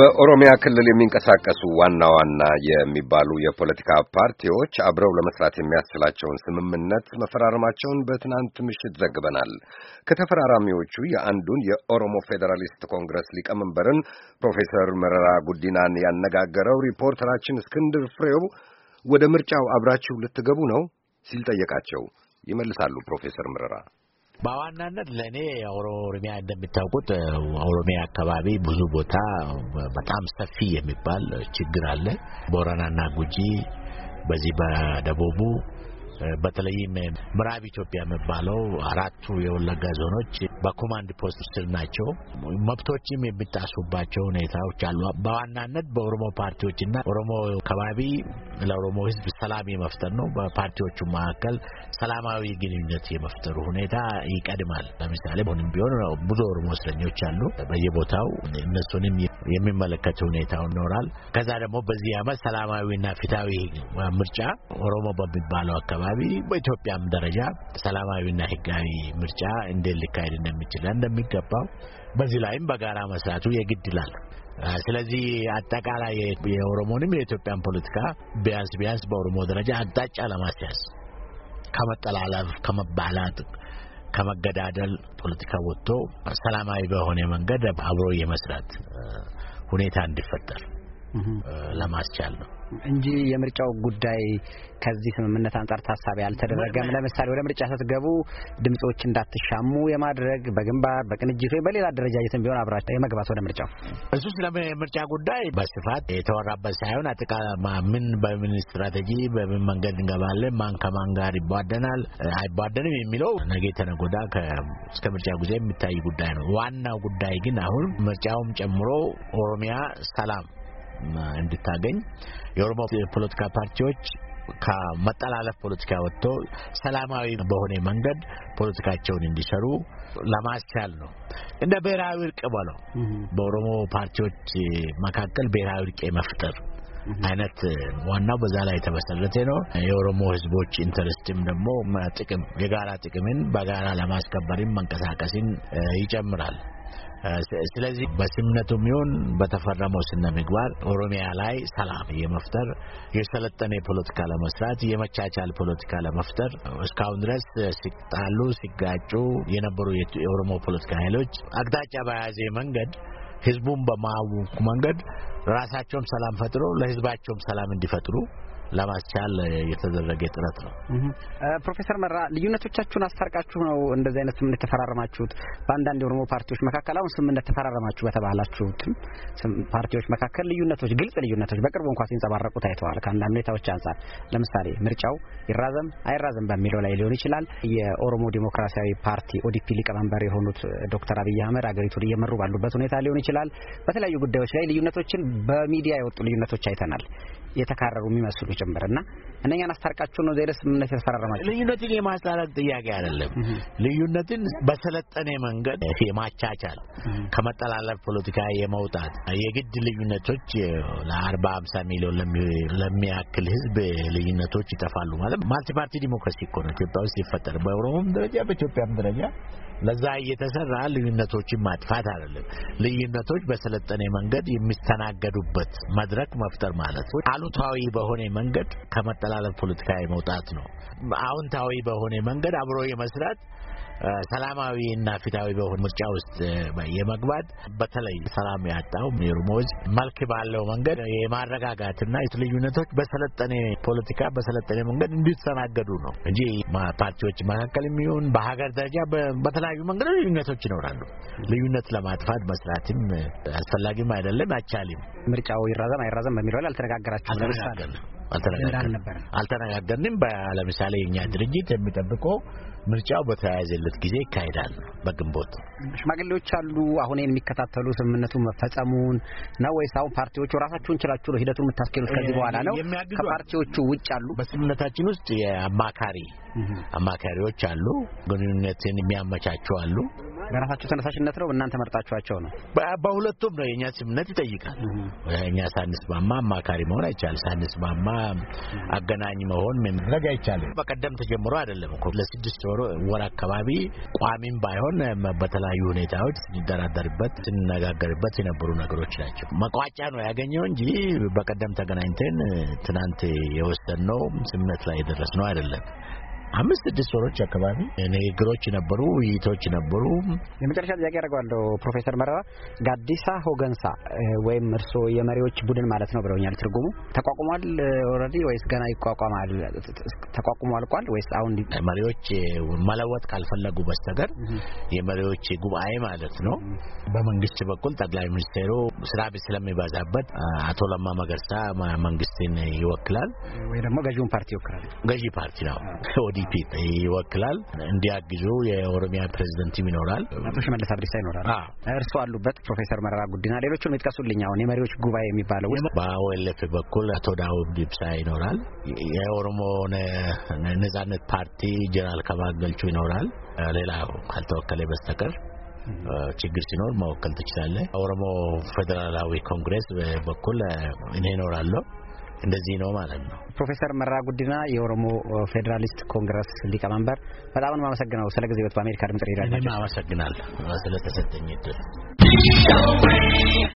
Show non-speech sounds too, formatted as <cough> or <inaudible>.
በኦሮሚያ ክልል የሚንቀሳቀሱ ዋና ዋና የሚባሉ የፖለቲካ ፓርቲዎች አብረው ለመስራት የሚያስችላቸውን ስምምነት መፈራረማቸውን በትናንት ምሽት ዘግበናል። ከተፈራራሚዎቹ የአንዱን የኦሮሞ ፌዴራሊስት ኮንግረስ ሊቀመንበርን ፕሮፌሰር መረራ ጉዲናን ያነጋገረው ሪፖርተራችን እስክንድር ፍሬው ወደ ምርጫው አብራችሁ ልትገቡ ነው ሲል ጠየቃቸው። ይመልሳሉ ፕሮፌሰር መረራ በዋናነት ለእኔ ኦሮሚያ እንደሚታወቁት ኦሮሚያ አካባቢ ብዙ ቦታ በጣም ሰፊ የሚባል ችግር አለ። ቦረናና ጉጂ በዚህ በደቡቡ በተለይም ምዕራብ ኢትዮጵያ የሚባለው አራቱ የወለጋ ዞኖች በኮማንድ ፖስት ስር ናቸው። መብቶችም የሚጣሱባቸው ሁኔታዎች አሉ። በዋናነት በኦሮሞ ፓርቲዎችና ኦሮሞ ከባቢ ለኦሮሞ ሕዝብ ሰላም የመፍጠር ነው። በፓርቲዎቹ መካከል ሰላማዊ ግንኙነት የመፍጠሩ ሁኔታ ይቀድማል። ለምሳሌ ሁንም ቢሆን ብዙ ኦሮሞ እስረኞች አሉ በየቦታው እነሱንም የሚመለከት ሁኔታ ይኖራል። ከዛ ደግሞ በዚህ ዓመት ሰላማዊና ፊታዊ ምርጫ ኦሮሞ በሚባለው አካባቢ በኢትዮጵያም ደረጃ ሰላማዊና ህጋዊ ምርጫ እንዴት ሊካሄድ እንደሚችል እንደሚገባው በዚህ ላይም በጋራ መስራቱ የግድ ይላል። ስለዚህ አጠቃላይ የኦሮሞንም የኢትዮጵያን ፖለቲካ ቢያንስ ቢያንስ በኦሮሞ ደረጃ አቅጣጫ ለማስያዝ ከመጠላለፍ ከመባላት ከመገዳደል ፖለቲካ ወጥቶ ሰላማዊ በሆነ መንገድ አብሮ የመስራት ሁኔታ እንዲፈጠር ለማስቻል ነው እንጂ የምርጫው ጉዳይ ከዚህ ስምምነት አንጻር ታሳቢ አልተደረገም። ለምሳሌ ወደ ምርጫ ስትገቡ ድምጾች እንዳትሻሙ የማድረግ በግንባር በቅንጅት ወይም በሌላ አደረጃጀትም ቢሆን አብራቸው የመግባት ወደ ምርጫው እሱ ስለምርጫ ጉዳይ በስፋት የተወራበት ሳይሆን አጥቃ ምን በምን ስትራቴጂ በምን መንገድ እንገባለን፣ ማን ከማን ጋር ይቧደናል አይቧደንም የሚለው ነገ ተነጎዳ እስከ ምርጫ ጊዜ የሚታይ ጉዳይ ነው። ዋናው ጉዳይ ግን አሁን ምርጫውም ጨምሮ ኦሮሚያ ሰላም እንድታገኝ የኦሮሞ የፖለቲካ ፓርቲዎች ከመጠላለፍ ፖለቲካ ወጥቶ ሰላማዊ በሆነ መንገድ ፖለቲካቸውን እንዲሰሩ ለማስቻል ነው። እንደ ብሔራዊ እርቅ በለው በኦሮሞ ፓርቲዎች መካከል ብሔራዊ እርቅ መፍጠር አይነት ዋናው በዛ ላይ የተመሰረተ ነው። የኦሮሞ ህዝቦች ኢንተረስትም ደግሞ ጥቅም የጋራ ጥቅምን በጋራ ለማስከበርም መንቀሳቀስን ይጨምራል። ስለዚህ በስምነቱም ይሁን በተፈረመው ስነ ምግባር ኦሮሚያ ላይ ሰላም የመፍጠር የሰለጠነ ፖለቲካ ለመስራት የመቻቻል ፖለቲካ ለመፍጠር እስካሁን ድረስ ሲጣሉ ሲጋጩ የነበሩ የኦሮሞ ፖለቲካ ኃይሎች አቅጣጫ በያዘ መንገድ ህዝቡን በማወኩ መንገድ ራሳቸውም ሰላም ፈጥሮ ለህዝባቸውም ሰላም እንዲፈጥሩ ለማስቻል የተደረገ ጥረት ነው። ፕሮፌሰር መራ ልዩነቶቻችሁን አስታርቃችሁ ነው እንደዚህ አይነት ስምምነት የተፈራረማችሁት። በአንዳንድ የኦሮሞ ፓርቲዎች መካከል አሁን ስምምነት ተፈራረማችሁ በተባላችሁት ፓርቲዎች መካከል ልዩነቶች፣ ግልጽ ልዩነቶች በቅርቡ እንኳ ሲንጸባረቁ ታይተዋል። ከአንዳንድ ሁኔታዎች አንጻር ለምሳሌ ምርጫው ይራዘም አይራዘም በሚለው ላይ ሊሆን ይችላል። የኦሮሞ ዴሞክራሲያዊ ፓርቲ ኦዲፒ ሊቀመንበር የሆኑት ዶክተር አብይ አህመድ አገሪቱን እየመሩ ባሉበት ሁኔታ ሊሆን ይችላል። በተለያዩ ጉዳዮች ላይ ልዩነቶችን በሚዲያ የወጡ ልዩነቶች አይተናል የተካረሩ የሚመስሉ ጭምር እና እነኛን አስታርቃችሁ ነው ዘይደስ እምነት የተፈራረማችሁ። ልዩነትን የማስታረቅ ጥያቄ አይደለም። ልዩነትን በሰለጠነ መንገድ የማቻቻል ከመጠላለፍ ፖለቲካ የመውጣት የግድ ልዩነቶች ለአርባ ሀምሳ ሚሊዮን ለሚያክል ህዝብ ልዩነቶች ይጠፋሉ ማለት ማልቲ ፓርቲ ዲሞክራሲ እኮ ነው ኢትዮጵያ ውስጥ ይፈጠር በኦሮሞም ደረጃ በኢትዮጵያም ደረጃ ለዛ እየተሰራ ልዩነቶችን ማጥፋት አይደለም። ልዩነቶች በሰለጠነ መንገድ የሚስተናገዱበት መድረክ መፍጠር ማለት አሉታዊ በሆነ መንገድ መንገድ ከመጠላለፍ ፖለቲካ የመውጣት ነው። አዎንታዊ በሆነ መንገድ አብሮ የመስራት ሰላማዊ እና ፊታዊ በሆነ ምርጫ ውስጥ የመግባት በተለይ ሰላም ያጣው የኦሮሞ ሕዝብ መልክ ባለው መንገድ እና ልዩነቶች በሰለጠነ ፖለቲካ በሰለጠነ መንገድ እንዲስተናገዱ ነው እንጂ ፓርቲዎች መካከል የሚሆን በሀገር ደረጃ በተለያዩ መንገዶች ልዩነቶች ይኖራሉ። ልዩነት ለማጥፋት መስራትም አስፈላጊም አይደለም፣ አይቻልም። ምርጫው ይራዘም አይራዘም በሚለው ላይ አልተነጋገራችሁም? አልተነጋገርንም። ለምሳሌ የኛ ድርጅት የሚጠብቀው ምርጫው በተያያዘለት ጊዜ ይካሄዳል። በግንቦት ሽማግሌዎች አሉ አሁን የሚከታተሉ ስምምነቱ መፈጸሙን ነው ወይስ አሁን ፓርቲዎቹ ራሳችሁን ችላችሁ ነው ሂደቱን የምታስኬዱት? ከዚህ በኋላ ነው ከፓርቲዎቹ ውጭ አሉ? በስምምነታችን ውስጥ የአማካሪ አማካሪዎች አሉ፣ ግንኙነትን የሚያመቻቸው አሉ። በራሳቸው ተነሳሽነት ነው፣ እናንተ መርጣችኋቸው ነው? በሁለቱም ነው። የእኛ ስምነት ይጠይቃል። እኛ ሳንስማማ አማካሪ መሆን አይቻልም። ሳንስማማ አገናኝ መሆን መድረግ አይቻልም። በቀደም ተጀምሮ አይደለም እኮ ለስድስት ወር ወር አካባቢ ቋሚም ባይሆን በተለያዩ ሁኔታዎች ስንደራደርበት ስንነጋገርበት የነበሩ ነገሮች ናቸው። መቋጫ ነው ያገኘው እንጂ በቀደም ተገናኝተን ትናንት ነው ስምነት ላይ ነው አይደለም። አምስት ስድስት ወሮች አካባቢ ንግግሮች ነበሩ፣ ውይይቶች ነበሩ። የመጨረሻ ጥያቄ ያደርገዋለሁ። ፕሮፌሰር መረራ ጋዲሳ ሆገንሳ ወይም እርስዎ የመሪዎች ቡድን ማለት ነው ብለውኛል። ትርጉሙ ተቋቁሟል ኦልሬዲ ወይስ ገና ይቋቋማል? ተቋቁሞ አልቋል ወይስ አሁን መሪዎች መለወጥ ካልፈለጉ በስተቀር የመሪዎች ጉባኤ ማለት ነው። በመንግስት በኩል ጠቅላይ ሚኒስቴሩ ስራ ስለሚበዛበት አቶ ለማ መገርሳ መንግስትን ይወክላል ወይ ደግሞ ገዢውን ፓርቲ ይወክላል። ገዢ ፓርቲ ነው <laughs> ፒዲፒ ይወክላል። እንዲያግዙ የኦሮሚያ ፕሬዚደንትም ይኖራል። አቶ ሽመልስ አብዲሳ ይኖራል። እርሱ አሉበት። ፕሮፌሰር መረራ ጉዲና፣ ሌሎቹም ይጥቀሱልኝ። አሁን የመሪዎች ጉባኤ የሚባለው ውስጥ በኦኤልኤፍ በኩል አቶ ዳውድ ኢብሳ ይኖራል። የኦሮሞ ነጻነት ፓርቲ ጀነራል ከማገልቹ ይኖራል። ሌላ ካልተወከለ በስተቀር ችግር ሲኖር መወከል ትችላለህ። ኦሮሞ ፌዴራላዊ ኮንግሬስ በኩል እኔ እኖራለሁ። እንደዚህ ነው ማለት ነው። ፕሮፌሰር መረራ ጉዲና የኦሮሞ ፌዴራሊስት ኮንግረስ ሊቀመንበር፣ በጣም ነው የማመሰግነው ስለ ጊዜዎት። በአሜሪካ ድምጽ ሬዲዮ አመሰግናለሁ ስለተሰጠኝ እድል።